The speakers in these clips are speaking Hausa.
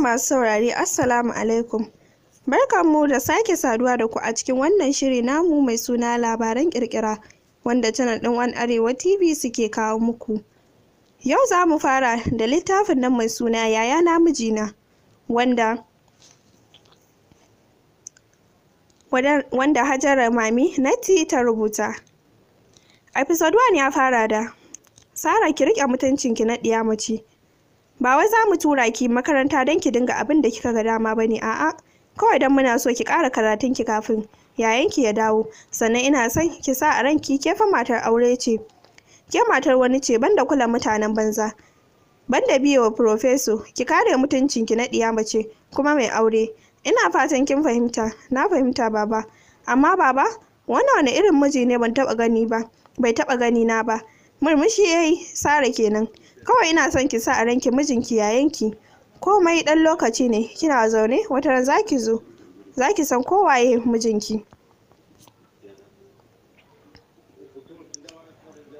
masu saurari, assalamu alaikum barkanmu da sake saduwa da ku a cikin wannan shiri namu mai suna labaran kirkira wanda channel ɗin wan arewa tv suke kawo muku yau za mu fara da littafin nan mai suna yaya na mijina wanda wanda hajara mami nati ta rubuta episode 1 ya fara da sara ki riƙe mutuncinki na diya mace ba wai za mu tura ki makaranta don ki dinga abin da kika ga dama ba ne a'a kawai don muna so ki ƙara karatun ki kafin yayan ki ya dawo sannan ina son ki sa a ranki ke fa matar aure ce ke matar wani ce banda kula mutanen banza banda biyo profeso ki kare mutuncin ki na ɗiya mace kuma mai aure ina fatan kin fahimta na fahimta baba amma baba wani wani irin miji ne ban taba gani ba bai taba gani na ba murmushi yayi sare kenan kawai ina son ki sa a ranki mijinki yayanki komai dan lokaci ne kina zaune wata ran zaki zo zaki san kowaye mijinki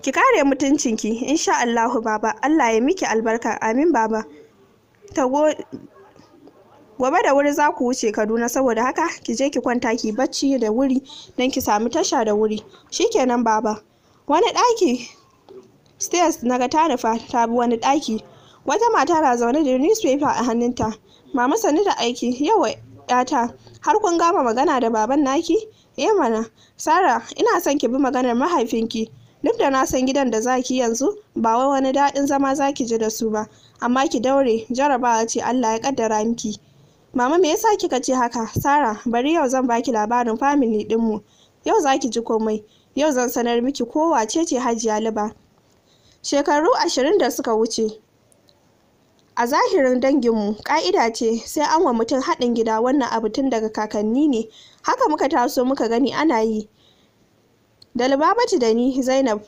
ki kare mutuncinki insha Allahu baba Allah ya miki albarka amin baba ta gobe da wuri za ku wuce Kaduna saboda haka ki je ki kwanta ki bacci da wuri don ki sami tasha da wuri shikenan baba wani ɗaki stairs na ga ta nufa ta bi wani ɗaki wata mata na zaune da newspaper a hannunta mama sani da aiki yawa yata har kun gama magana da baban naki eh mana sara ina son ki bi maganar mahaifinki duk da na san gidan da zaki yanzu ba wai wani daɗin zama zaki ji da su ba amma ki daure jarabawa ce allah ya kaddara miki mama me yasa kika ce haka sara bari yau zan baki labarin family dinmu yau zaki ji komai yau zan sanar miki ko wace ce hajiya liba shekaru ashirin da suka wuce a zahirin danginmu ƙa'ida ce sai an wa mutum haɗin gida wannan abu tun daga kakanni ne haka muka taso muka gani ana yi da libabatu da ni zainab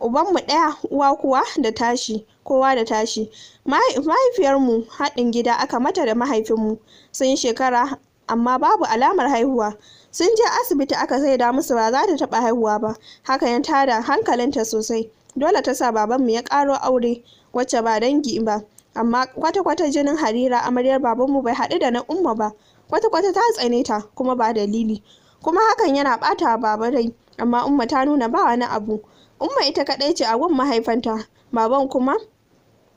ubanmu ɗaya uwa kuwa da tashi kowa da tashi mahaifiyarmu haɗin gida aka mata da mahaifinmu sun yi shekara amma babu alamar haihuwa sun je asibiti aka saida musu ba za ta taɓa haihuwa ba Haka ya tada hankalinta sosai dole ta sa babanmu ya ƙaro aure wacce ba dangi ba amma kwata-kwata jinin harira amaryar babanmu bai haɗu da na umma ba kwata-kwata ta tsane ta kuma ba dalili kuma hakan yana ɓata baba rai amma umma ta nuna ba wani abu umma ita kaɗai ce a mahaifanta baban kuma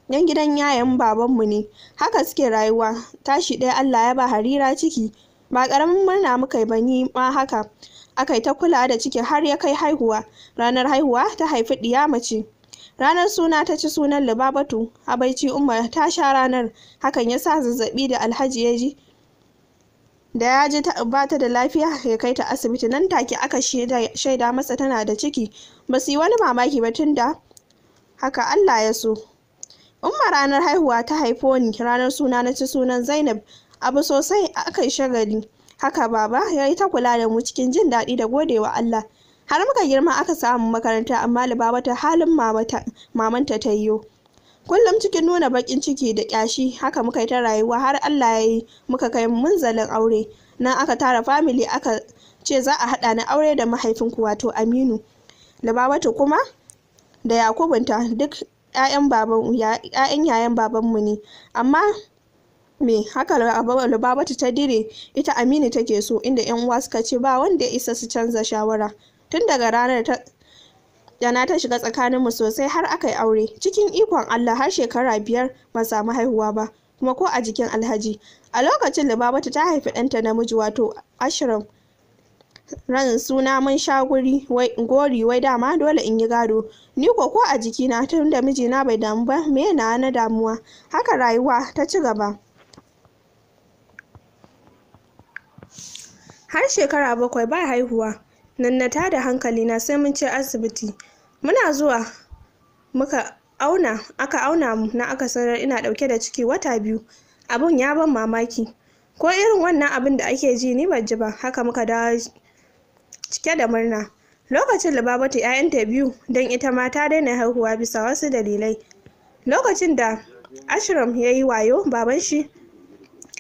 yan gidan yayan babanmu ne haka suke rayuwa tashi ɗaya allah ya ba harira ciki ba ƙaramin murna muka yi ba ni ma haka aka yi ta kula da ciki har ya kai haihuwa ranar haihuwa ta haifi ɗiya mace ranar suna ta ci sunan libabatu baici umar ta sha ranar hakan ya sa zazzabi da alhaji ya ji da ya ji ba ta da lafiya ya kai ta asibiti nan take aka shaida masa tana da ciki ba su yi wani mamaki ba tun da haka allah ya so umma ranar haihuwa ta haifo ni ranar suna na ci sunan zainab abu sosai aka yi shagali haka baba ya yi ta kula da mu cikin jin daɗi da godewa Allah har muka girma aka samu makaranta amma Lubabatu ta halin mamanta ta yo. kullum cikin nuna bakin ciki da ƙyashi haka muka yi ta rayuwa har Allah ya yi muka kai munzalin aure nan aka tara family aka ce za a haɗa ni aure da mahaifinku wato Aminu Lubabatu kuma da Yakubunta duk 'ya'yan yayan mu ne amma me haka lubabatu ta dire ita aminu take so inda yan uwa suka ce ba wanda ya isa su canza shawara tun daga ranar ta yana ta shiga tsakaninmu sosai har aka yi aure cikin ikon allah har shekara biyar ba samu haihuwa ba kuma ko a jikin alhaji a lokacin lubabatu ta haifi ɗanta namiji wato ashirin ran suna mun sha guri wai gori wai dama dole in yi gado ni ko ko a jikina tun da mijina bai damu ba me na na damuwa haka rayuwa ta ci gaba har shekara bakwai ba haihuwa nan na da hankali na sai mun ce asibiti muna zuwa muka auna aka auna mu na aka sanar ina dauke da ciki wata biyu abun ya ban mamaki ko irin wannan abin da ake ji ni ban ji ba haka muka dawo cike da murna lokacin libabatu 'ya'yanta biyu don ita ma ta daina haihuwa bisa wasu dalilai lokacin da ashram ya yi wayo baban shi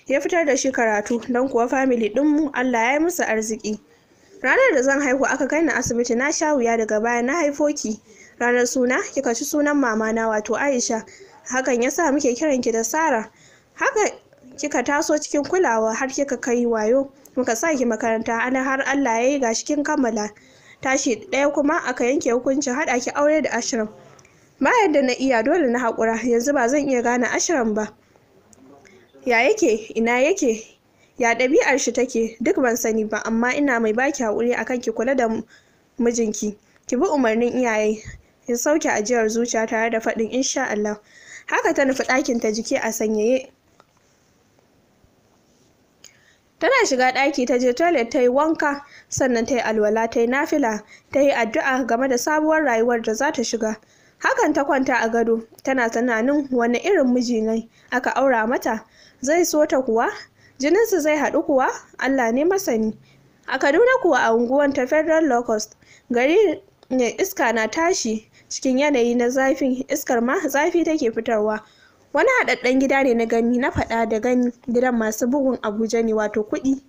ya fitar da shi karatu don kuwa famili ɗinmu Allah ya yi musu arziki. Ranar da zan haihu aka kai ni asibiti na sha wuya daga baya na haifo ki. Ranar suna kika ci sunan mamana wato Aisha. Hakan ya sa muke kiran ki da Sara. Haka kika taso cikin kulawa har kika kai wayo. Muka sa ki makaranta ana har Allah ya yi gashi kin kammala. Tashi ɗaya kuma aka yanke hukuncin haɗa ki aure da ashirin. Bayan da na iya dole na haƙura yanzu ba zan iya gane ashirin ba. ya yake ina yake ya ɗabi'ar shi take duk ban sani ba amma ina mai baki haƙuri akan ki kula da mijinki ki bi umarnin iyaye ya sauke ajiyar zuciya tare da faɗin insha Allah haka ta nufi ɗakin ta jiki a sanyaye tana shiga ɗaki ta je toilet ta yi wanka sannan ta yi alwala ta yi nafila ta yi addu'a game da sabuwar rayuwar da za ta shiga hakan ta kwanta a gado tana tunanin wani irin miji ne aka aura mata zai so ta kuwa jininsu zai haɗu kuwa allah ne masani a kaduna kuwa a unguwan ta federal locust gari ne iska na tashi cikin yanayi na zafin iskar ma zafi take fitarwa wani haɗaɗɗen gida ne na gani na faɗa da gani gidan masu bugun abuja ne wato kuɗi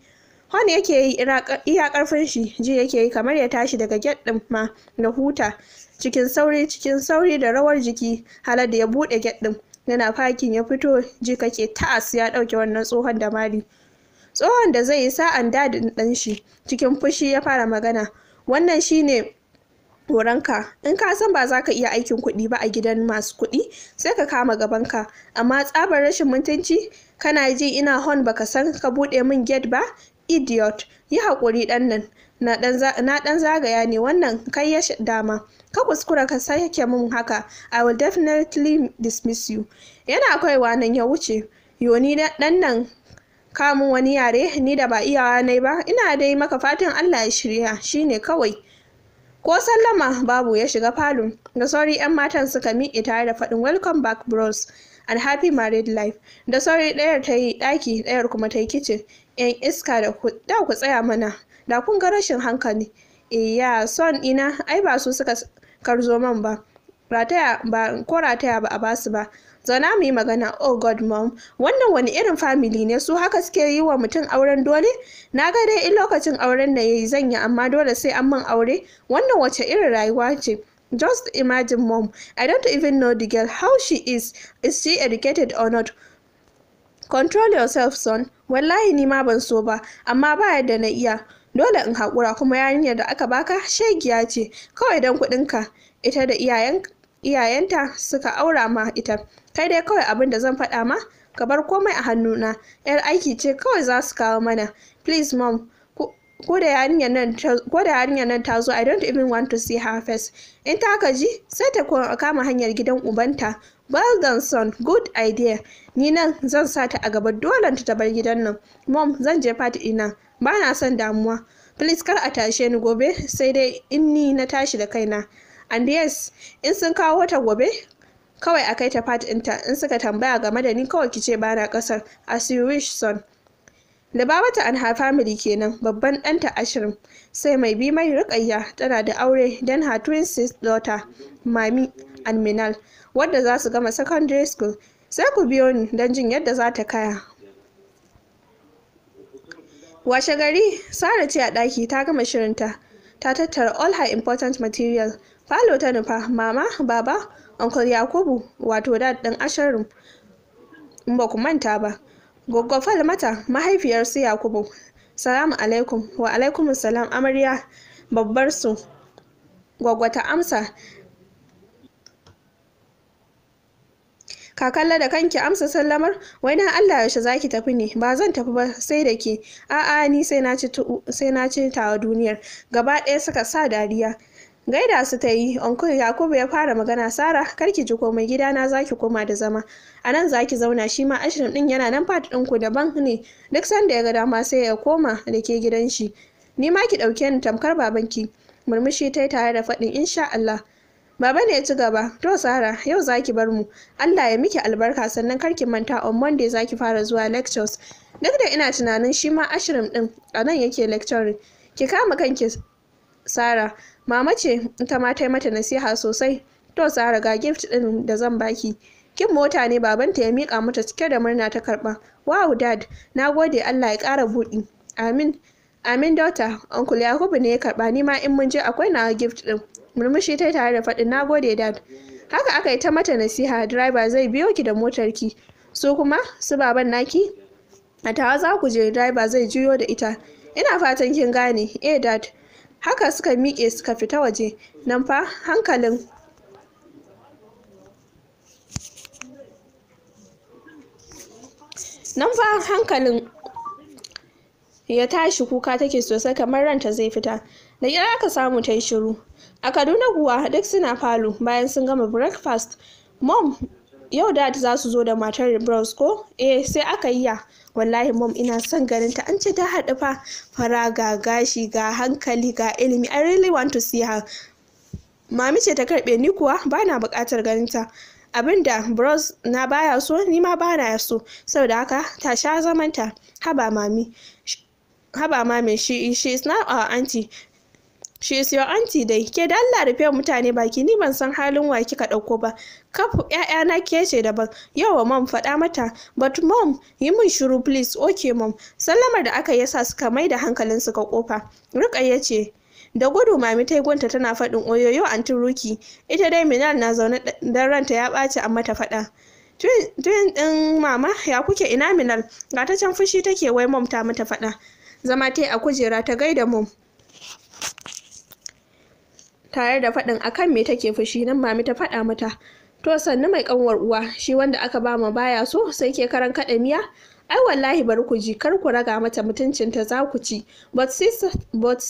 Wani yake yi iya ƙarfin shi ji yake yi kamar ya tashi daga get ɗin ma na huta cikin sauri cikin sauri da rawar jiki halar da ya buɗe get ɗin yana fakin ya fito ji kake ta'as ya ɗauke wannan tsohon da mari tsohon da zai yi sa'an dadin ɗan shi cikin fushi ya fara magana wannan shine horonka in ka san ba za ka iya aikin kuɗi ba a gidan masu kuɗi sai ka kama gabanka amma tsabar rashin mutunci kana ji ina hon baka san ka buɗe min gate ba idiot yi haƙuri ɗan nan na dan zagaya ne wannan kai ya dama ka kuskura ka sake mun haka i will definitely dismiss you yana kaiwa nan ya wuce yoni dan nan kamun wani yare ni da ba iyawa ne ba ina dai maka fatan allah ya shirya shine kawai ko sallama babu ya shiga falon da sauri yan matan suka miƙe tare da faɗin welcome back bros and happy married life da sauri ɗayar ta yi ɗaki ɗayar kuma ta yi kicin yan iska da ku tsaya mana da kun ga rashin hankali iya eh, son ina ai ba su suka karzo man ba ko rataya ba a basu ba zauna mu yi magana oh god mom wannan wani irin family ne su haka suke yi wa mutum auren dole na ga dai in lokacin auren da yayi zan yi amma dole sai an man aure wannan wace irin rayuwa ce just imagine mom i don't even know the girl how she is is she educated or not control yourself son wallahi ni ma ban so ba amma ba yadda na iya dole in haƙura kuma yarinyar da aka baka shegiya ce kawai don ka ita da iyayenta suka aura ma ita kai dai kawai abin da zan faɗa ma ka bar komai a hannuna yar aiki ce kawai za su kawo mana please mom ko da yarinyar nan ta zo i don't even want to see her face in ta ji sai ta kama hanyar gidan ubanta well done son good idea ni nan zan sa ta a gaba dole ta bar gidan nan mom zan je fati ina ba na son damuwa please kar a tashe ni gobe sai dai in ni na tashi da kaina and yes in sun kawo wata gobe kawai a kai ta part ɗinta in suka tambaya game da ni kawai kice ba na ƙasar as you wish son da babata an her family kenan babban ɗanta ashirin sai mai bi mai rikayya tana da aure don her twin sis daughter mami and minal wadda za su gama secondary school sai ku biyo ni don jin yadda za ta kaya washe gari sara ce a ɗaki ta gama shirinta ta tattara all her important material falo ta nufa mama baba uncle yakubu wato dad din ashirin in ba ku manta ba goggo falmata mahaifiyar su yakubu salamu alaikum wa alaikum salam amarya babbar su gwaggwata amsa kakalla da kanki amsa sallamar wai dan Allah yaushe zaki tafi ne ba zan tafi ba sai da ke a'a ni sai na ci sai na ci tawa duniyar gaba ɗaya suka sa dariya gaida su ta yi onkul yakubu ya fara magana sara karki ji komai gidana zaki koma da zama a nan zaki zauna shi ma ashirin din yana nan fat ɗinku daban ne duk sanda ya ga dama sai ya koma da ke gidan shi ni ma ki ɗauke ni tamkar babanki murmushi ta yi tare da faɗin insha Allah Baba ne ya ci gaba, to Sara, yau za ki bar mu. Allah ya miki albarka sannan kar ki manta on Monday za ki fara zuwa lectures. Duk da ina tunanin shi ma ashirin din a nan yake lecturing. Ki kama kanki Sara, mama ce ta ma ta yi mata nasiha sosai. To Sara ga gift din da zan baki. Kin mota ne babanta ya mika mata cike da murna ta karba. Wow dad, na gode Allah ya ƙara buɗi. Amin. Amin daughter, Uncle Yakubu ne ya karba ni ma in mun je akwai na gift ɗin. murmushi ta tare da faɗin na gode dad haka aka yi ta mata nasiha driver zai biyo ki da motar ki su kuma su baban naki a tawa za ku je driver zai juyo da ita ina fatan kin gane eh dad haka suka miƙe suka fita waje nan fa hankalin nan fa hankalin ya tashi kuka take sosai kamar ranta zai fita da kira aka samu ta yi shiru a kaduna kuwa duk suna falo bayan sun gama breakfast mom yau dad za su zo da matar bros ko eh sai aka yi ya wallahi mom ina son ganin ta an ce ta haɗu fa fara ga gashi ga hankali ga ilimi i really want to see her mami ce ta karɓe ni kuwa bana buƙatar ganin ta da bros na baya so ni ma bana so saboda haka ta sha zamanta haba mami haba mamin she she is not our auntie is your auntie dai, ke da Allah rufe mutane baki ni ban san halin wa kika ɗauko ba. Kafu ‘ya'yana ke ce daban, yawa mom faɗa mata, but mom yi min shiru please, okay mom. Sallamar da aka yasa suka mai da hankalin suka kofa. Rika ya ce, da gudu mami ta gunta tana faɗin oyoyo anti ruki, ita dai Minal na zaune dan ranta ya ɓaci amma ta faɗa. Twin ɗin mama ya kuke ina Minal, ga ta can fushi take wai mom ta mata faɗa. Zama ta a kujera ta gaida mom. tare da faɗin akan me take fushi nan mami ta faɗa mata to sannu mai kanwar uwa shi wanda aka ba ma baya so sai ke karan kaɗa miya ai wallahi bari ku ji kar ku raga mata mutuncin ta za ku ci but sister but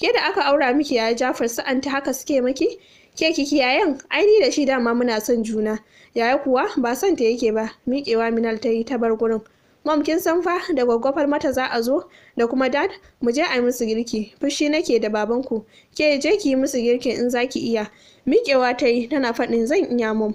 ke da aka aura miki ya Jafar ta haka suke miki ke kiki yayan ai ni da shi dama muna son juna yaya kuwa ba son ta yake ba miƙewa minal ta yi ta bar gurin mom kin san fa da gwaggwafar mata za a zo da kuma dad mu je a yi musu girki fushi nake da babanku ke je ki yi musu girki in za ki iya miƙewa ta yi tana faɗin zan iya mom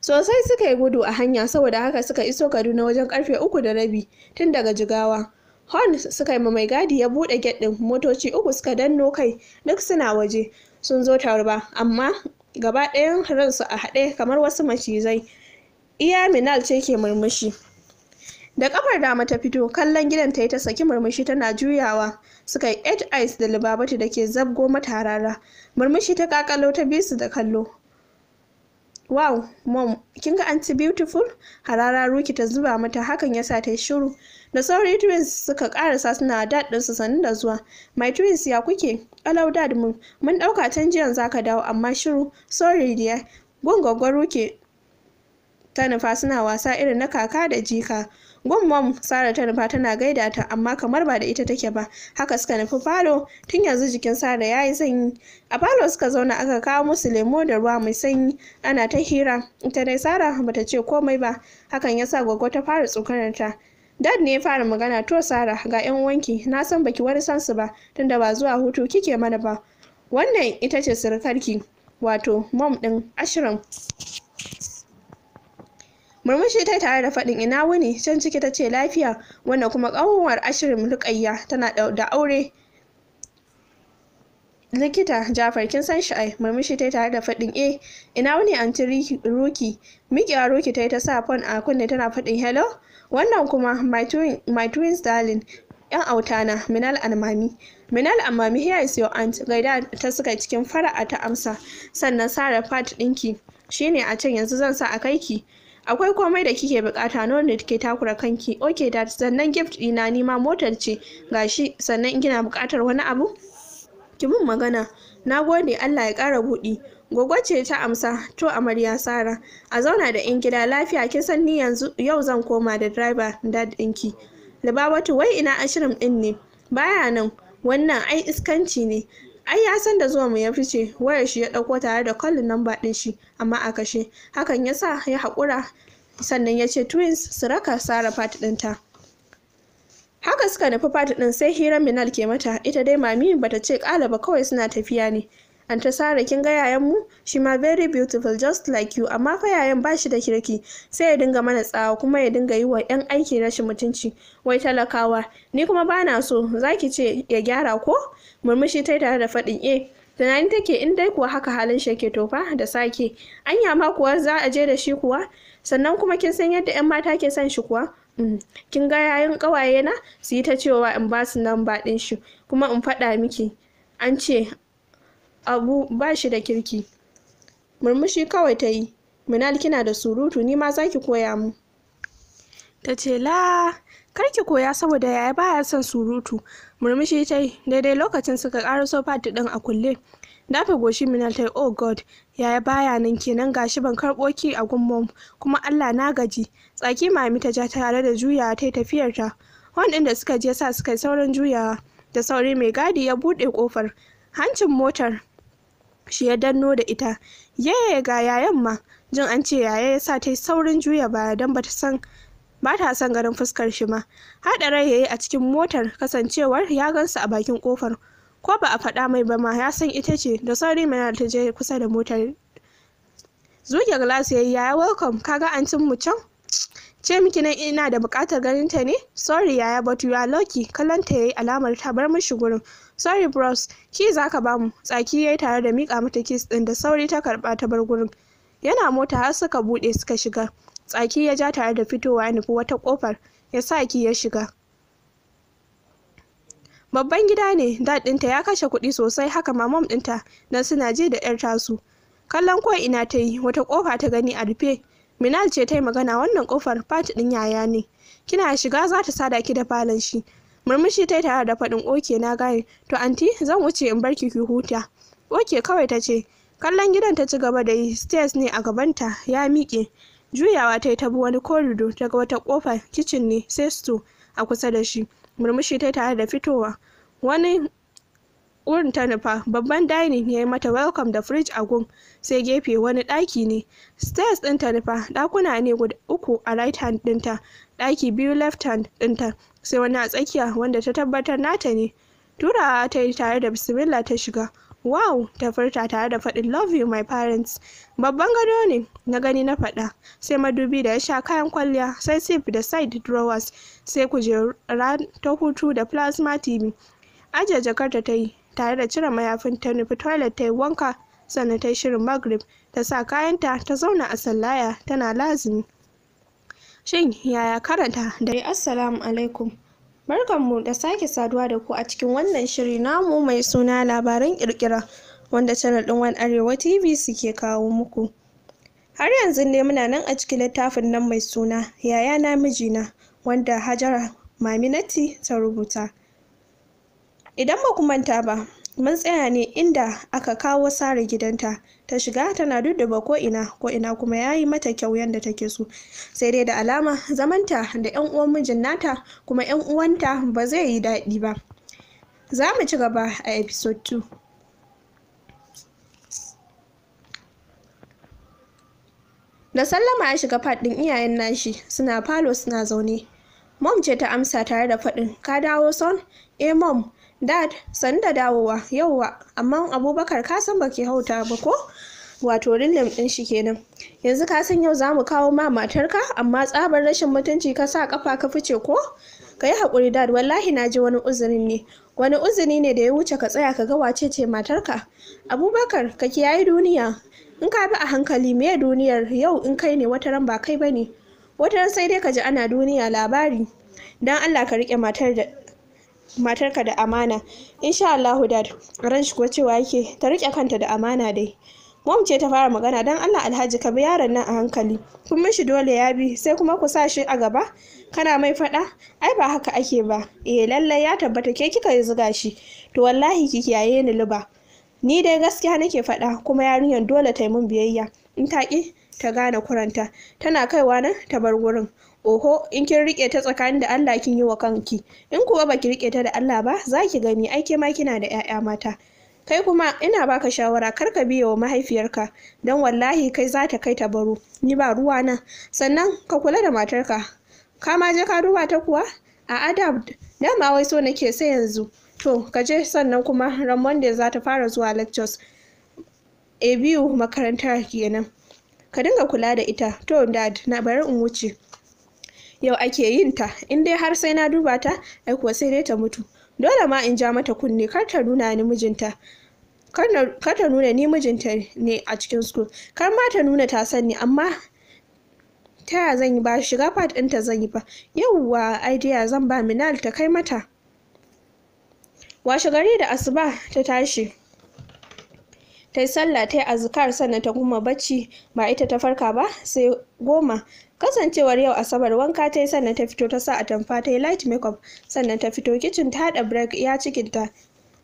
sosai suka yi gudu a hanya saboda haka suka iso kaduna wajen karfe uku da rabi tun daga jigawa horn suka yi mai gadi ya buɗe get ɗin motoci uku suka danno kai duk suna waje sun zo tarba amma gaba ɗayan ransu a haɗe kamar wasu macizai iya minal ce ke murmushi da kafar dama ta fito kallon gidan ta yi ta saki murmushi tana juyawa suka yi eight eyes da libabati da ke zabgo mata rara murmushi ta kakalo ta bisu da kallo wow mom kin ga anti beautiful harara ruki ta zuba mata hakan ya sa ta yi shiru da sauri twins suka karasa suna daɗin su sanin da zuwa my twins ya kuke alau dad mun mun ɗauka can jiyan zaka dawo amma shiru sorry dear gungon ruki ta nufa suna wasa irin na kaka da jika mom sara ta nufa tana gaida ta amma kamar ba da ita take ba haka suka nufi falo tun yanzu jikin sara ya yi sanyi a falo suka zauna aka kawo musu lemo da ruwa mai sanyi ana ta hira ita dai sara bata ce komai ba hakan ya sa gwaggo ta fara tsokanar ta dad ne ya fara magana to sara ga yan wanki na san baki wani san su ba tunda ba zuwa hutu kike mana ba wannan ita ce surukarki wato mom din ashirin murmushi ta tare da faɗin ina wuni can ciki ta ce lafiya wannan kuma ƙanwar ashirin lukayya tana da aure likita jafar kin san sha'ai murmushi ta tare da faɗin e ina wuni anti ruki a ruki ta yi ta sa fon a kunne tana faɗin hello wannan kuma my twin darling yan autana minal almami minal almami here is your aunt gaida ta suka cikin fara'a ta amsa sannan sara fat ɗinki shine a can yanzu zan sa a kai akwai komai da kike bukata na da kike takura kanki okay dad sannan gift dina nima motar ce gashi sannan in kina bukatar wani abu ki mun magana na gode Allah ya kara buɗe. gogo ce ta amsa to amarya sara a zauna da in gida lafiya kin san ni yanzu yau zan koma da driver dad ɗinki libabatu wai ina ashirin din ne baya nan wannan ai iskanci ne ai ya san da zuwa mu ya fice waya shi ya dauko tare da kallon namba din shi amma a kashe hakan ya sa ya hakura sannan ya ce twins su raka sara din ɗinta haka suka nufi fati ɗin sai hira minal ke mata ita dai mami bata ce kala ba kawai suna tafiya ne an ta sara kin ga yayan mu shi ma very beautiful just like you amma fa yayan ba shi da kirki sai ya dinga mana tsawa kuma ya dinga yi wa yan aiki rashin mutunci wai talakawa ni kuma ba na so zaki ce ya gyara ko murmushi ta tare da faɗin e tunani take in dai kuwa haka halin shi ke tofa da sake anya ma kuwa za a je da shi kuwa sannan kuma kin san yadda yan mata ke son shi kuwa mm, kin ga yayin kawaye na su yi ta cewa in ba su nan baɗin shi kuma in faɗa miki an ce abu ba shi da kirki murmushi kawai ta yi minal kina da surutu ni ma za koya mu ta ce la kar ki koya saboda yaya baya son surutu murmushi ta yi daidai lokacin suka karaso fati din a kulle dafe goshi minal ta yi oh god yaya baya nan kenan gashi ban karɓo ki a gummon kuma allah na gaji tsaki mami ta ja tare da juyawa ta yi tafiyarta wani da suka je sa suka yi saurin juyawa da sauri mai gadi ya buɗe ƙofar hancin motar shi ya danno da ita yaya ga yayan ma jin an ce yaya ya sa ta yi saurin juya baya don bata san ba ta son ganin fuskar shi ma haɗa rai yayi a cikin motar kasancewar ya gansu a bakin kofar ko ba a faɗa mai ba ma ya san ita ce da sauri mana ta je kusa da motar zuke glass yayi yaya welcome kaga an cin mu can ce miki nan ina da buƙatar ganin ta ne sorry yaya but you are lucky kallon ta yayi alamar ta bar mishi gurin sorry bros ki zaka mu. tsaki yayi tare da mika mata kiss ɗin da sauri ta karba ta bar gurin yana mota har suka buɗe suka shiga tsaki ya ja tare da fitowa ya nufi wata kofar ya sa ki ya shiga babban gida ne daɗinta ya kashe kuɗi sosai haka mamam ɗinta don suna je da 'yar tasu kallon ko ina ta yi wata kofa ta gani a rufe minal ce ta yi magana wannan kofar fati ɗin yaya ne kina shiga za ta sada ki da falon shi murmushi ta yi tare da faɗin oke na gane to anti zan wuce in bar ki ki huta oke kawai ta ce kallon gidan ta ci gaba da yi stairs ne a gabanta ya miƙe juyawa ta yi ta wani korido daga wata kofa kicin ne sai su a kusa da shi murmushi ta tare da fitowa wani wurin ta nufa babban dining ya yi mata welcome da fridge a gun sai gefe wani ɗaki ne stairs ɗin ta nufa ɗakuna ne guda uku a right hand dinta ɗaki biyu left hand dinta sai wani a tsakiya wanda ta tabbatar nata ne turawa ta yi tare da bismillah ta shiga wow ta furta tare da faɗin love you my parents babban gado ne na gani na faɗa sai madubi da ya sha kayan kwalliya sai sif da side drawers sai kujera ta hutu da plasma tv ajiye jakarta ta yi tare da cire mayafin ta nufi toilet ta yi wanka sannan ta yi shirin maghrib ta sa kayanta ta zauna a sallaya tana lazimi shin yaya karanta da assalamu alaikum mu da sake saduwa da ku a cikin wannan shiri namu mai suna labaran kirkira wanda channel ɗin wani Arewa TV suke kawo muku. Har yanzu ne muna nan a cikin littafin nan mai suna Yaya na mijina wanda Hajara Maminati ta rubuta. Idan ba ku manta ba, matsaya ne inda aka kawo sare gidanta ta shiga tana dudduba ko ina ko ina kuma yayi mata kyau yadda take so sai dai da alama zamanta da yan uwan mijin nata kuma yan uwanta ba zai yi daɗi ba za mu ci gaba a episode 2 da sallama ya shiga faɗin iyayen nashi suna falo suna zaune mom ce ta amsa tare da faɗin ka dawo son eh mom dad sani da dawowa yauwa amma abubakar ka san baki hauta ba ko wato rillim din shi kenan yanzu ka san yau zamu kawo ma matarka amma tsabar rashin mutunci ka sa kafa ka fice ko ka yi haƙuri dad wallahi na ji wani uzurin ne wani uzuri ne da ya wuce ka tsaya ka ga wace ce matarka abubakar ka kiyaye duniya in ka bi a hankali me duniyar yau in kai ne wataran ba kai bane wataran sai dai ka ji ana duniya labari dan allah ka rike matar da matarka da amana insha Allahu dad ran shi kuwa cewa yake ta rike kanta da amana dai mom ce ta fara magana dan Allah Alhaji ka bi yaron nan a hankali kun mishi dole ya bi sai kuma ku sa shi a gaba kana mai faɗa ai ba haka ake ba eh lallai ya tabbata ke kika yi zuga shi to wallahi ki kiyaye ni liba ni dai gaskiya nake faɗa kuma yarinyar dole ta yi mun biyayya in ta ki ta gane kuranta tana kaiwa nan ta bar gurin oho in kin rike ta tsakanin da Allah kin yi wa kanki in kuwa baki rike ta da Allah ba za ki gani ai ke ma kina da ƴaƴa mata kai kuma ina baka shawara kar ka biya wa mahaifiyarka don wallahi kai za ta kai ta baro ni ba ruwa na sannan ka kula da matarka ka ma je ka duba ta kuwa a adab ma wai so nake sai yanzu to ka je sannan kuma ran monday za ta fara zuwa lectures a biyu makarantar kenan ka dinga kula da ita to dad na bari in wuce yau ake yin ta in dai har sai na duba ta ai kuwa sai dai ta mutu dole ma in ja mata kunne kar ta nuna ni mijinta kar ta nuna ni mijinta ne a cikin school kar ma ta nuna ta sani amma ta ya zan yi ba shiga fat ta zan yi ba yauwa idea zan ba minal ta kai mata washe gari da asuba ta tashi ta yi sallah ta yi azkar sannan ta kuma bacci ba ita ta farka ba sai goma kasancewar yau asabar wanka ta yi sannan ta fito ta sa atamfa ta yi light makeup sannan ta fito kicin ta haɗa break ya ta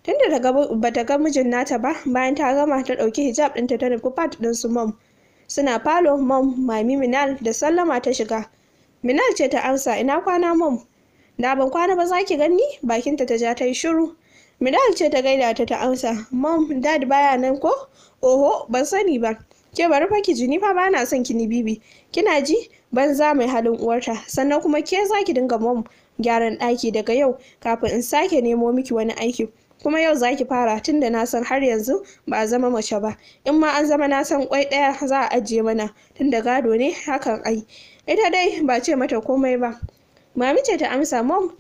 tunda ba ta ga mijin nata ba bayan ta gama ta ɗauki hijab ɗinta ta nufi fat ɗin su mom suna falo mom mami minal da sallama ta shiga minal ce ta amsa ina kwana mom da ban kwana ba za ki gani bakinta ta ja ta yi shiru Midal ce ta gaida ta ta amsa, "Mom, dad baya nan ko?" "Oho, ban sani ba." Ke bari fa ki jini fa ba na son ki ni bibi. Kina ji? Banza mai halin uwarta. Sannan kuma ke za ki dinga mom gyaran ɗaki daga yau kafin in sake nemo miki wani aiki. Kuma yau za ki fara tun da na san har yanzu ba a zama mace ba. In ma an zama na san kwai ɗaya za a ajiye mana tun da gado ne hakan ai. Ita dai ba ce mata komai ba. Mami ce ta amsa mom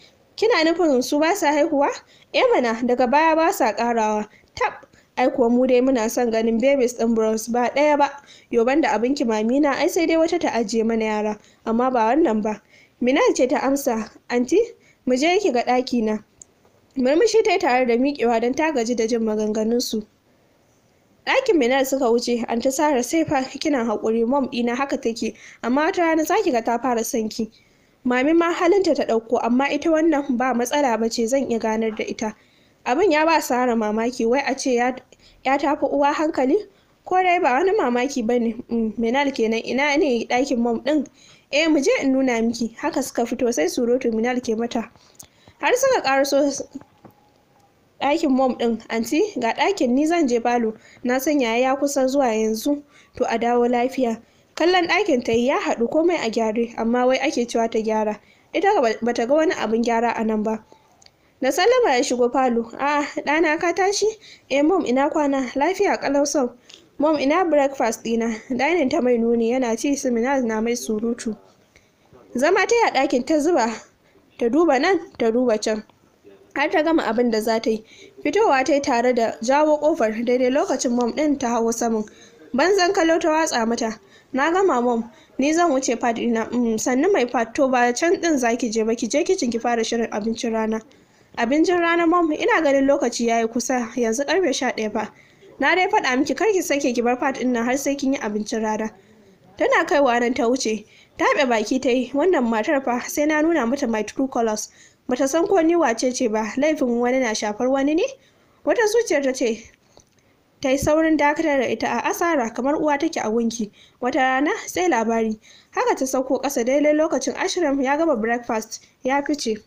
kina nufin su ba sa haihuwa eh mana daga baya ba sa karawa tab ai kuwa mu dai muna son ganin babies din bros ba ɗaya ba yoban da abin kimamina ai sai dai wata ta ajiye mana yara amma ba wannan ba minal ce ta amsa anti mu je ki ga ɗaki na murmushi ta yi tare da miƙewa don ta gaji da jin maganganunsu ɗakin minal suka wuce an ta sara sai fa kina haƙuri mom ɗina haka take amma wata rana zaki ga ta fara sanki. ki mami ma halinta ta ɗauko amma ita wannan ba matsala ba ce zan iya ganar da ita abin ya ba sara mamaki wai a ce ya tafi uwa hankali ko dai ba wani mamaki ba ne mm, minal kenan ina ne ɗakin mom ɗin eh mu je in nuna miki haka suka fito sai surutu minal ke mata har suka ƙaraso ɗakin mom ɗin anti ga ɗakin ni zan je balo. na san yaya ya kusa zuwa yanzu to a dawo lafiya kallon ɗakin ta yi ya haɗu komai a gyare amma wai ake cewa ta gyara ita ba ta ga wani abin gyara a nan ba da sallama ya shigo falo a ɗana ka tashi eh mom ina kwana lafiya kalau sau mom ina breakfast ɗina dining ta mai nuni yana ci seminars na mai surutu zama ta yi a ɗakin ta zuba ta duba nan ta duba can har ta gama abin da za ta yi fitowa ta yi tare da jawo ƙofar daidai lokacin mom ɗin ta hau saman banzan kalo ta watsa mata na gama mom ni zan wuce pad ina mm, sannu mai pad to ba can din zaki je ba ki je kicin ki fara shirin abincin rana abincin rana mom ina ganin lokaci ya yi kusa yanzu karfe sha ɗaya fa na dai faɗa miki kar ki sake ki bar pad din har sai kin yi abincin rana tana kaiwa nan ta wuce Ta taɓe baki ta yi wannan matar fa sai na nuna mata my true colors bata san ko ni wace ce ba laifin wani na shafar wani ne wata zuciyar ta ce ta yi saurin dakatar da ita a asara kamar uwa take a gunki wata rana sai labari haka ta sauko ƙasa daidai lokacin ashirin ya gama breakfast ya fice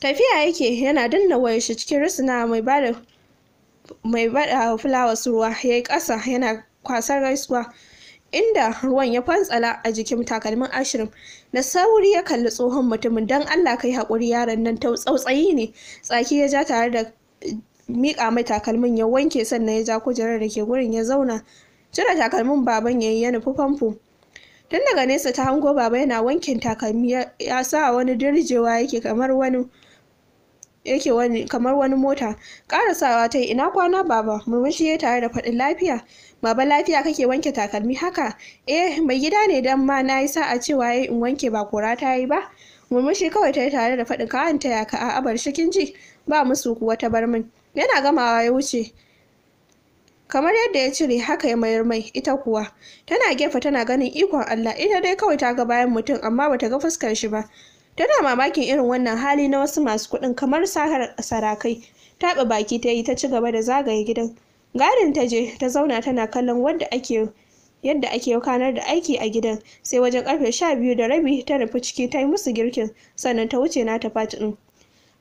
tafiya yake yana danna wayar shi cikin risina mai bada mai bada ruwa ya yi ƙasa yana kwasar gaisuwa inda ruwan ya fantsala a jikin takalmin ashirin da sauri ya kalli tsohon mutumin don allah kai haƙuri yaron nan tsautsayi ne tsaki ya ja tare da Mika mai takalmin ya wanke sannan ya ja kujerar da ke gurin ya zauna cire takalmin baban ya yi ya nufi famfo tun daga nesa ta hango baba yana wankin takalmi ya sa wani dirjewa yake kamar wani yake wani kamar wani mota karasawa ta ina kwana baba murmushi ya tare da faɗin lafiya baba lafiya kake wanke takalmi haka eh mai gida ne dan ma na yi sa'a cewa yai in wanke ba kora ta yi ba murmushi kawai ta yi tare da faɗin kawanta ya ka a bar shikin ji ba musu kuwa ta bar min yana gamawa ya wuce kamar yadda ya cire haka ya mayar mai ita kuwa tana gefe tana ganin ikon Allah ita dai kawai ta ga bayan mutum amma bata ga fuskar shi ba tana mamakin irin wannan hali na wasu masu kuɗin kamar sahar sarakai taɓa baki ta yi ta ci gaba da zagaye gidan garin ta je ta zauna tana kallon wanda ake yadda ake kanar da aiki a gidan sai wajen karfe sha biyu da rabi ta nufi ciki ta yi musu girkin sannan ta wuce na ta ɗin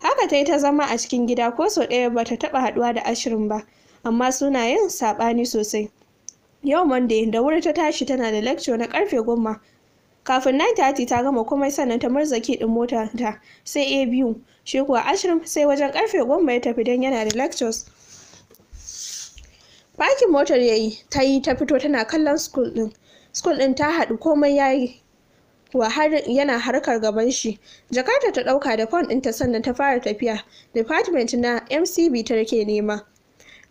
haka ta yi ta zama a cikin gida ko sau ɗaya ba ta taɓa haɗuwa da ashirin ba amma suna yin saɓani sosai yau monday da wuri ta tashi tana da lecture na karfe goma kafin 9:30 ta gama komai sannan ta marzaki din mota ta sai a biyu shi kuwa ashirin sai wajen karfe goma ya tafi don yana da lectures Fakin motar ya yi ta yi ta fito tana kallon school ɗin school din ta haɗu komai ya yi wa yana harkar gaban shi jakarta ta ɗauka da fon ta sannan ta fara tafiya department na mcb ta rike nema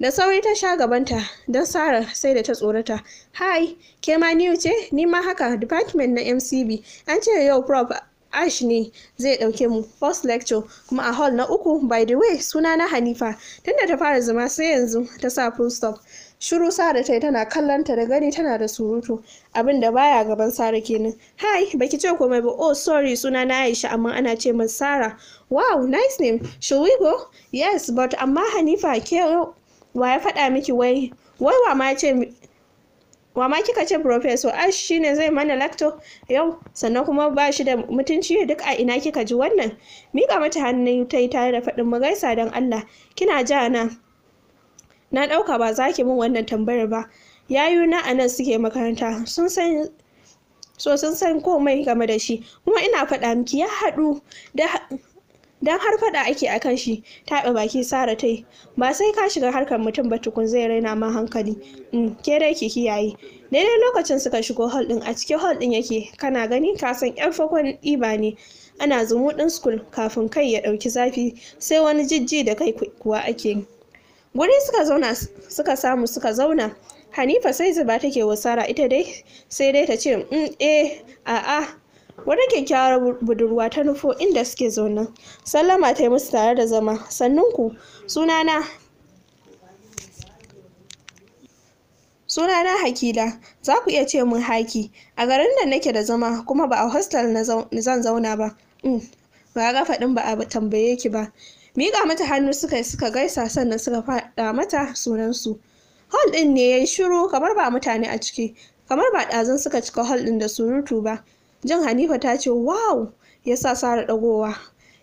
da sauri ta sha gabanta don sara sai da ta tsorata hi ke ma ni ce ni ma haka department na mcb an ce yau prof ash ne zai dauke mu first lecture kuma a hall na uku by the way suna na hanifa tunda ta fara zama sai yanzu ta sa full stop shiru sara ta yi tana kallon ta da gani tana da surutu abinda da baya gaban sara kenan hi baki ce komai ba oh sorry suna na aisha amma ana ce min sara wow nice name shall we go yes but amma hanifa ke wa ya faɗa miki wai wai wa ma ce wa ma kika ce professor ash shine zai mana lacto yau sannan kuma ba shi da mutunci duk a ina kika ji wannan mika mata hannu ta yi tare da faɗin magaisa don allah kina ja na na ɗauka ba za ki min wannan tambayar ba yayu na a nan suke makaranta sun san so sun san komai game da shi kuma ina faɗa miki ya haɗu da dan har faɗa ake akan shi taɓa baki sara tai ba sai ka shiga harkar mutum ba tukun zai raina ma hankali in mm, ke dai ki kiyaye daidai lokacin suka shigo hall din a cikin hall din yake kana gani ka san yan fakon iba ne ana zumuɗin school kafin kai ya ɗauki zafi sai wani jijji da kai kuwa ake yi. guri suka zauna suka samu suka zauna hanifa sai zuba take wasara ita dai sai dai ta ce mm, eh a'a wata kyakkyawar budurwa ta nufo inda suke zaune sallama ta yi musu tare da zama sannunku sunana sunana hakila za ku iya ce mun haki a garin da nake da zama kuma ba a hostel na zan zauna ba mm, ba a ba a tambaye ki ba Mika mata hannu suka suka gaisa sannan suka faɗa mata sunansu hall ɗin ne ya yi shiru kamar ba mutane a ciki kamar ba ɗazun suka cika hall ɗin da surutu ba jin hanifa ta ce wow ya sa sara ɗagowa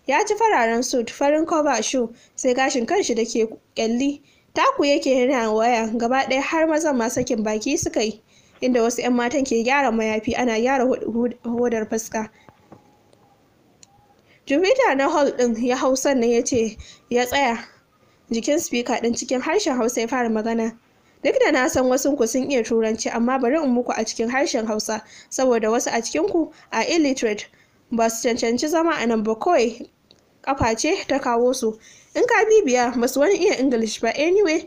ya ci fararen suit farin cover shoe sai gashin kanshi da ke kyalli taku yake yana waya gaba ɗaya har mazan ma sakin baki suka yi inda wasu 'yan matan ke gyara mayafi ana gyara hodar fuska jupiter na hall din ya hau sannan ya ce ya tsaya jikin speaker din cikin harshen hausa ya fara magana duk da na san wasu ku sun iya turanci amma bari in muku a cikin harshen hausa saboda wasu a cikin ku a illiterate ba su cancanci zama a nan ba kawai kafa ce ta kawo su in ka bibiya ba su wani iya english ba anyway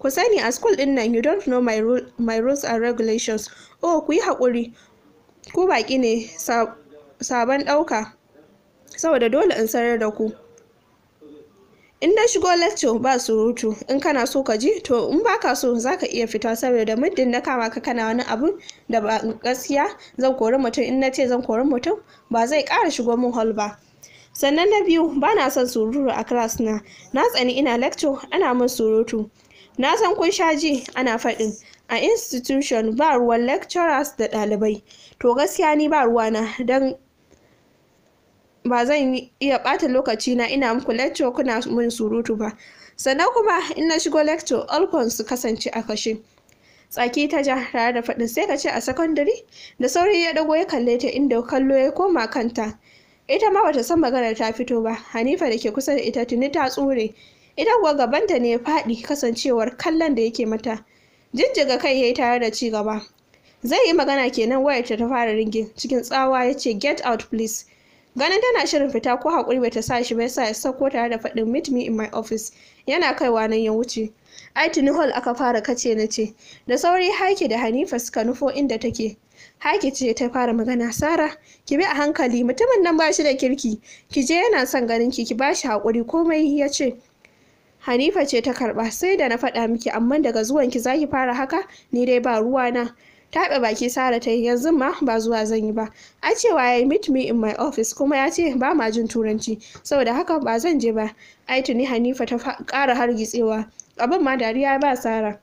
ku sani a school din nan you don't know my, rules and regulations oh ku yi haƙuri ku baƙi ne sabon ɗauka saboda dole in sanar da ku in na shigo lecture ba surutu in kana so ka ji to in baka so za ka iya fita saboda muddin na kama ka kana wani abu da ba gaskiya zan kori mutum in na ce zan kori mutum ba zai kara shigo min hall ba sannan na biyu ba na son sururu a class na na tsani ina lecture ana min surutu na san kun sha ji ana faɗin a institution ba ruwan lecturers da ɗalibai to gaskiya ni ba ruwana don ba zan iya ɓata lokaci na ina muku lecture kuna mun surutu ba sannan kuma in na shigo lecture alkon su kasance a kashe tsaki ta ja tare da faɗin sai ka ce a secondary da sauri ya dago ya kalle ta inda kallo ya koma kanta ita ma bata san maganar ta fito ba hanifa da ke kusa da ita tuni ta tsure ita kuwa gabanta ne ya faɗi kasancewar kallon da yake mata jijjiga kai ya yi tare da ci gaba zai yi magana kenan wayar ta ta fara ringe cikin tsawa ya ce get out please ganin tana shirin fita ko haƙuri bai ta sa shi bai sa ya sauko tare da faɗin meet me in my office yana kaiwa nan ya wuce aitini hall aka fara kace na ce da sauri haki da hanifa suka nufo inda take haki ce ta fara magana sara ki bi a hankali mutumin nan ba shi da kirki ki je yana son ganin ki ki ba shi haƙuri komai ya ce Hanifa ce ta karba sai da na faɗa miki amma daga zuwan ki zaki fara haka ni dai ba ruwa na. taɓa baki Sara ta yi yanzu ma ba zuwa zan yi ba. A cewa ya yi meet me in my office kuma ya ce ba ma jin turanci saboda haka ba zan je ba. Ai tuni Hanifa ta kara hargitsewa abin ma dariya ba Sara.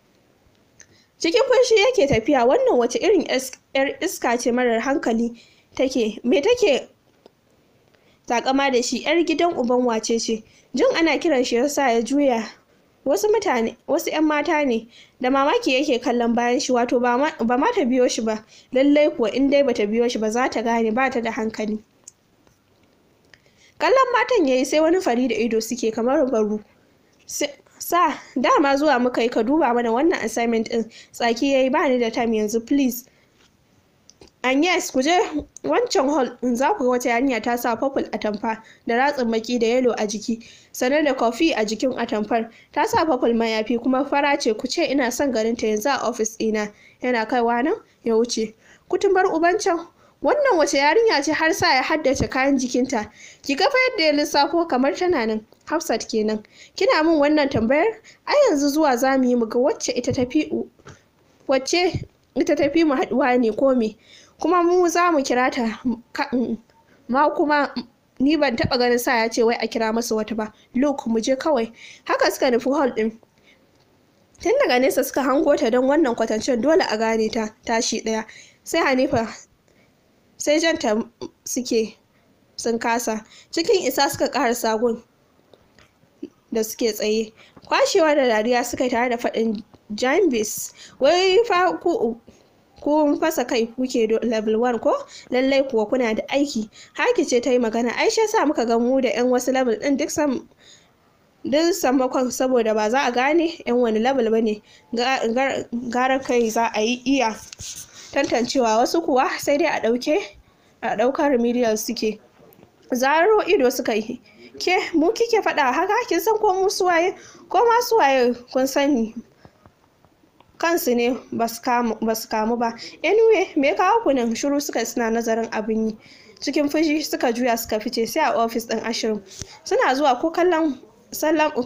Cikin fushi yake tafiya wannan wace irin yar iska ce marar hankali take me take takama da shi yar gidan uban wace ce jin ana kiran shi yasa ya juya wasu mutane wasu 'yan mata ne da mamaki yake kallon bayan shi wato ba ma ta biyo shi ba lallai kuwa in dai bata biyo shi ba za ta gane ba ta da hankali kallon matan yayi sai wani fari da ido suke kamar baru sa dama zuwa muka yi ka duba mana wannan assignment din tsaki yayi bani da time yanzu please And yes, ku je wancan hall za ku ga wata yarinya ta sa purple atamfa da ratsin maki da yellow a jiki, sane da kofi a jikin atamfar. Ta sa purple mayafi kuma fara ce ku ce ina son garin ta yanzu a office ɗina. Yana kaiwa nan ya wuce. bar ubancan wannan wace yarinya ce har sa ya haddace kayan jikinta. Ki ga fa yadda ya lissafo kamar tana nan. Hafsat kenan. Kina min wannan tambayar? a yanzu zuwa za mu yi mu ga wacce ita tafi wacce ita tafi mu haɗuwa ne ko me? kuma mu za mu kira ta mm, ma kuma mm, ni ban taba ganin sa ya ce wai a kira masa wata ba luke mu je kawai haka suka nufi hall din tun daga nesa suka hango ta don wannan kwatancen dole a gane ta tashi daya sai hanifa sai janta mm, suke sun kasa cikin isa suka kara sagun da suke tsaye kwashewa da dariya suka yi tare da faɗin jambis wai fa ku mun fasa kai kuke level 1 ko lallai kuwa kuna da aiki haki ce ta yi magana aisha sa muka ga mu da 'yan wasu level ɗin duk sam sammakon saboda ba za a gane 'yan wani level ba ne gara kai za a yi iya tantancewa wasu kuwa sai dai a ɗauke a ɗaukar remedial suke zaro ido suka yi ke mu kike faɗa haka kin san ko mu suwaye ko ma suwaye kun sani kansu ne ba su kamu ba anyway me kawo ku nan shiru suka suna nazarin abin yi cikin fushi suka juya suka fice sai a ofis din ashirin suna zuwa ko kallon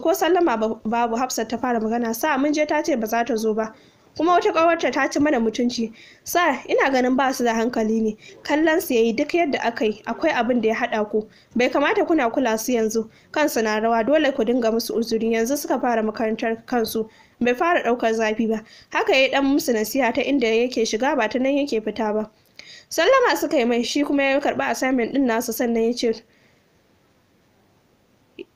ko sallama babu hafsat ta fara magana sa mun je ta ce ba za ta zo ba kuma wata kawarta ta ci mana mutunci sa ina ganin ba su da hankali ne kallon su yayi duk yadda aka yi akwai abin da ya hada ku bai kamata kuna kula su yanzu kansu na rawa dole ku dinga musu uzuri yanzu suka fara makarantar kansu bai fara ɗaukar zafi ba haka ya dan musu nasiha ta inda yake shiga ba ta nan yake fita ba sallama suka yi mai shi kuma ya karɓi assignment ɗin nasu, sannan ya ce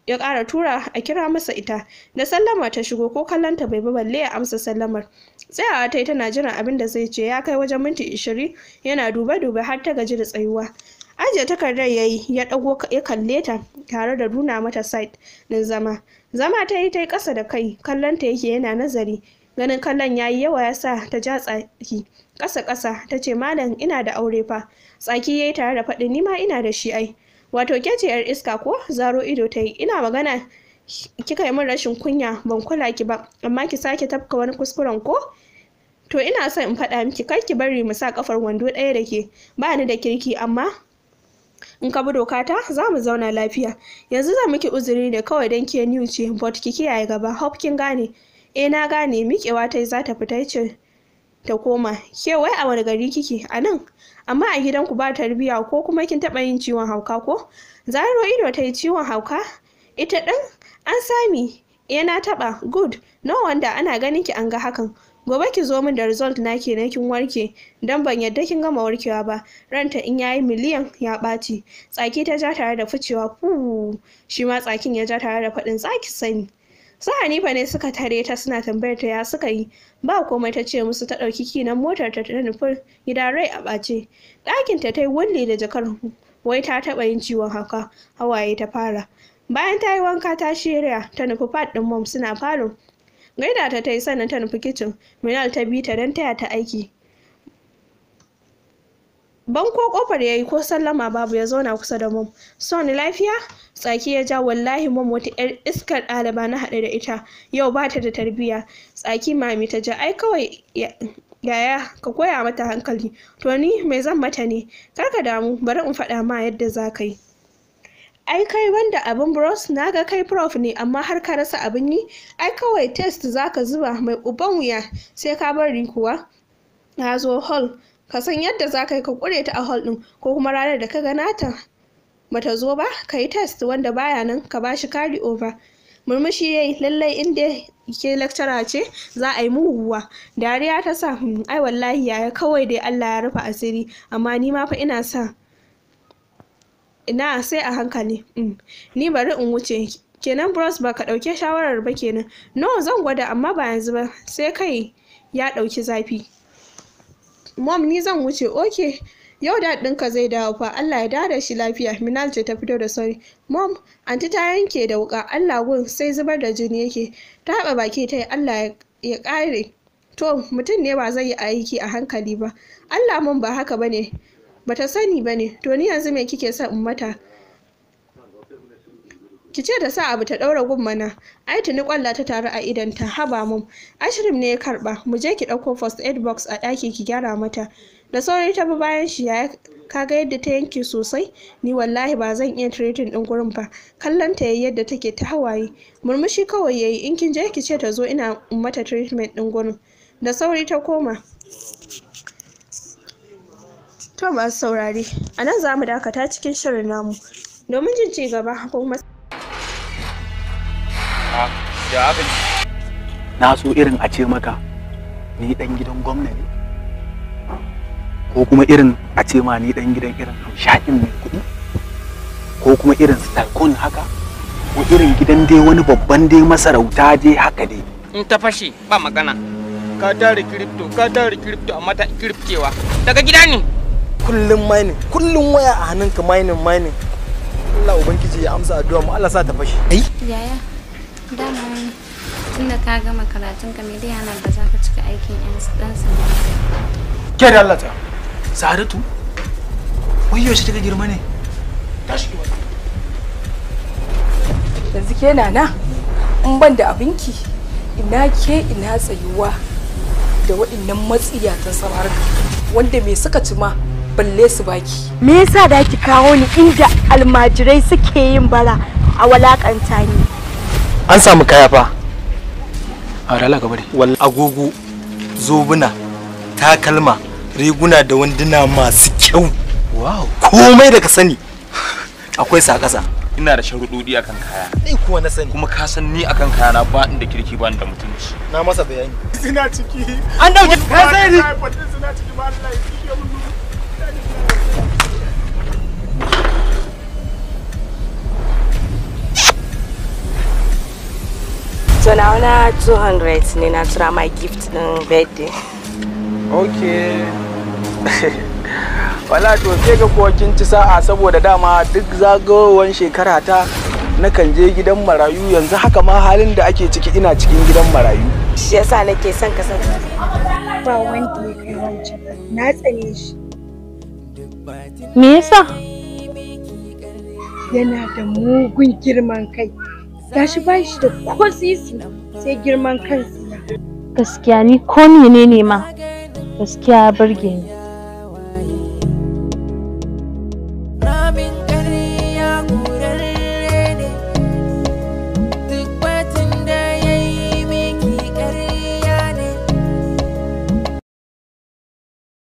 ya ƙara tura a kira masa ita da sallama ta shigo ko kallonta bai ba balle ya amsa sallamar tsayawa ta yi tana jiran abin da zai ce ya kai wajen minti ishirin yana dube-dube har ta gaji da tsayuwa ajiye takardar ya yi ya ɗago ya kalle ta tare da nuna mata site ɗin zama zama ta yi ta yi ƙasa da kai kallon ta yake yana nazari ganin kallon ya yi yawa ya sa ta ja tsaki ƙasa ƙasa ta ce malam ina da aure fa tsaki ya yi tare da faɗin nima ina da shi ai wato ke ce yar iska ko zaro ido ta yi ina magana kika yi min rashin kunya ban kula ki ba amma ki sake tafka wani kuskuren ko to ina son in faɗa miki kar ki bari mu sa kafar wando ɗaya da ke ba ni da kirki amma in ka bi doka ta za mu zauna lafiya yanzu za miki uzuri ne kawai don ke new ce but ki kiyaye gaba hop kin gane eh na gane miƙewa ta za ta fita ce ta koma ke wai a wani gari kike a nan amma a gidanku ba tarbiyya ko kuma kin taɓa yin ciwon hauka ko zaro ido ta yi ciwon hauka ita ɗin an sami eh na taɓa good no wanda ana ganin ki an ga hakan gobe ki zo min da result ke na kin warke dan ban yadda kin gama warkewa ba ranta in yayi miliyan ya ɓaci tsaki ta ja tare da ficewa ku shi ma tsakin ya ja tare da faɗin tsaki sani su hanifa ne suka tare ta suna tambayar ta ya suka yi ba komai ta ce musu ta ɗauki kinan motar ta ta nufi gida rai a ɓace ɗakin ta tai wulle da jakar wai ta taɓa yin ciwon haka hawaye ta fara bayan ta yi wanka ta shirya ta nufi fat ɗin mom suna falon gaida ta ta yi sannan ta nufi kicin minal ta bi ta don taya ta aiki banko kofar ya yi ko sallama babu ya zauna kusa da mom son lafiya tsaki ya ja wallahi mom wata yar iskar ɗaliba na haɗe da ita yau ba ta da tarbiyya tsaki mami ta ja ai kawai yaya ka koya mata hankali to ni mai zan mata ne kar damu bari in faɗa ma yadda za ka yi ai kai wanda abin bros na ga kai prof ne amma har ka rasa abin yi ai kawai test zaka zuba mai uban wuya sai ka bari kuwa na zo hall ka san yadda za ka yi ka kure ta a hall din ko kuma ranar da ka ga nata bata zo ba ka yi test wanda baya nan ka bashi carry over murmushi ya yi lallai inda ke lecturer ce za a yi muguwa dariya ta sa hmm, ai wallahi ya kawai dai allah ya rufe asiri amma ni ma fa ina sa ina sai a hankali mm. ni bari in wuce kenan bros ba ka ɗauke shawarar ba kenan no zan gwada amma ba yanzu ba sai kai ya ɗauki zafi mom ni zan wuce ok yau da ɗinka zai dawo fa allah ya dada shi lafiya minal ce ta fito da sauri mom anti ta yanke da wuka allah gun sai zubar da jini yake ta haɓa baki ta yi allah ya ƙare to mutum ne ba zai yi aiki a hankali ba allah mun ba haka bane bata sani bane to ni yanzu me kike sa in mata ki ce da sa abu ta daura gun mana ai tuni kwalla ta taru a idan ta haba mum ashirim ne ya karba mu je ki dauko first aid box a daki ki gyara mata da sauri ta bi bayan shi ya kaga yadda ta yanke sosai ni wallahi ba zan iya treating din gurin ba kallon ta yayi yadda take ta hawaye murmushi kawai yayi in kin je ki ce ta zo ina mata treatment din gurin da sauri ta koma To masu saurari, a nan za mu dakata cikin shirin namu domin jin ci gaba ko kuma. Ah, Na so irin a ce maka ni dan gidan gwamna ne. Ko kuma irin a ce ma ni dan gidan irin hamshakin mai kuɗi. Ko kuma irin stalkon haka. Ko irin gidan dai wani babban dai masarauta dai haka dai. In ta fashe ba magana. Ka tare kiripto, ka tare kiripto amma ta kiriftewa. Daga gida ne. kullum mining kullum waya a hannunka mining mining Allah ubangiji ya amsa addu'a mu Allah sa ta fashe eh yaya dama tunda ka gama karatun ka me dai yana ba za ka cika aikin yan dan sanda ke da Allah ta Sa'adatu wai yaushe take girma ne tashi ki yanzu ke nana in ban da abinki ina ke ina tsayuwa da waɗannan matsiyatan samarka wanda me suka ci ma balle su baki me yasa da ki kawo ni inda almajirai suke yin bara a walakanta ni an samu kaya fa a rala agogo zobuna takalma riguna da wanduna masu kyau wow komai da ka sani akwai sa kasa ina da sharuɗoɗi akan kaya. Ni kuwa na sani. Kuma ka san ni akan kaya na ba inda kirki ba da mutunci. Na masa bayani. Zina ciki. An dauki ka sai ni. ciki ba Allah ya so na wani 200 ne na tura my gift din birthday ok wala to sai ga kuwa kin ci sa'a saboda dama duk zagawowar shekara ta na kan je gidan marayu yanzu haka ma halin da ake ciki ina cikin gidan marayu shi yasa nake son ka san ba wanda ya kai wancan na tsane shi me yasa yana da mugun girman kai gashi ba shi da ko sisi sai girman kansa gaskiya ni ko menene ma gaskiya burge ni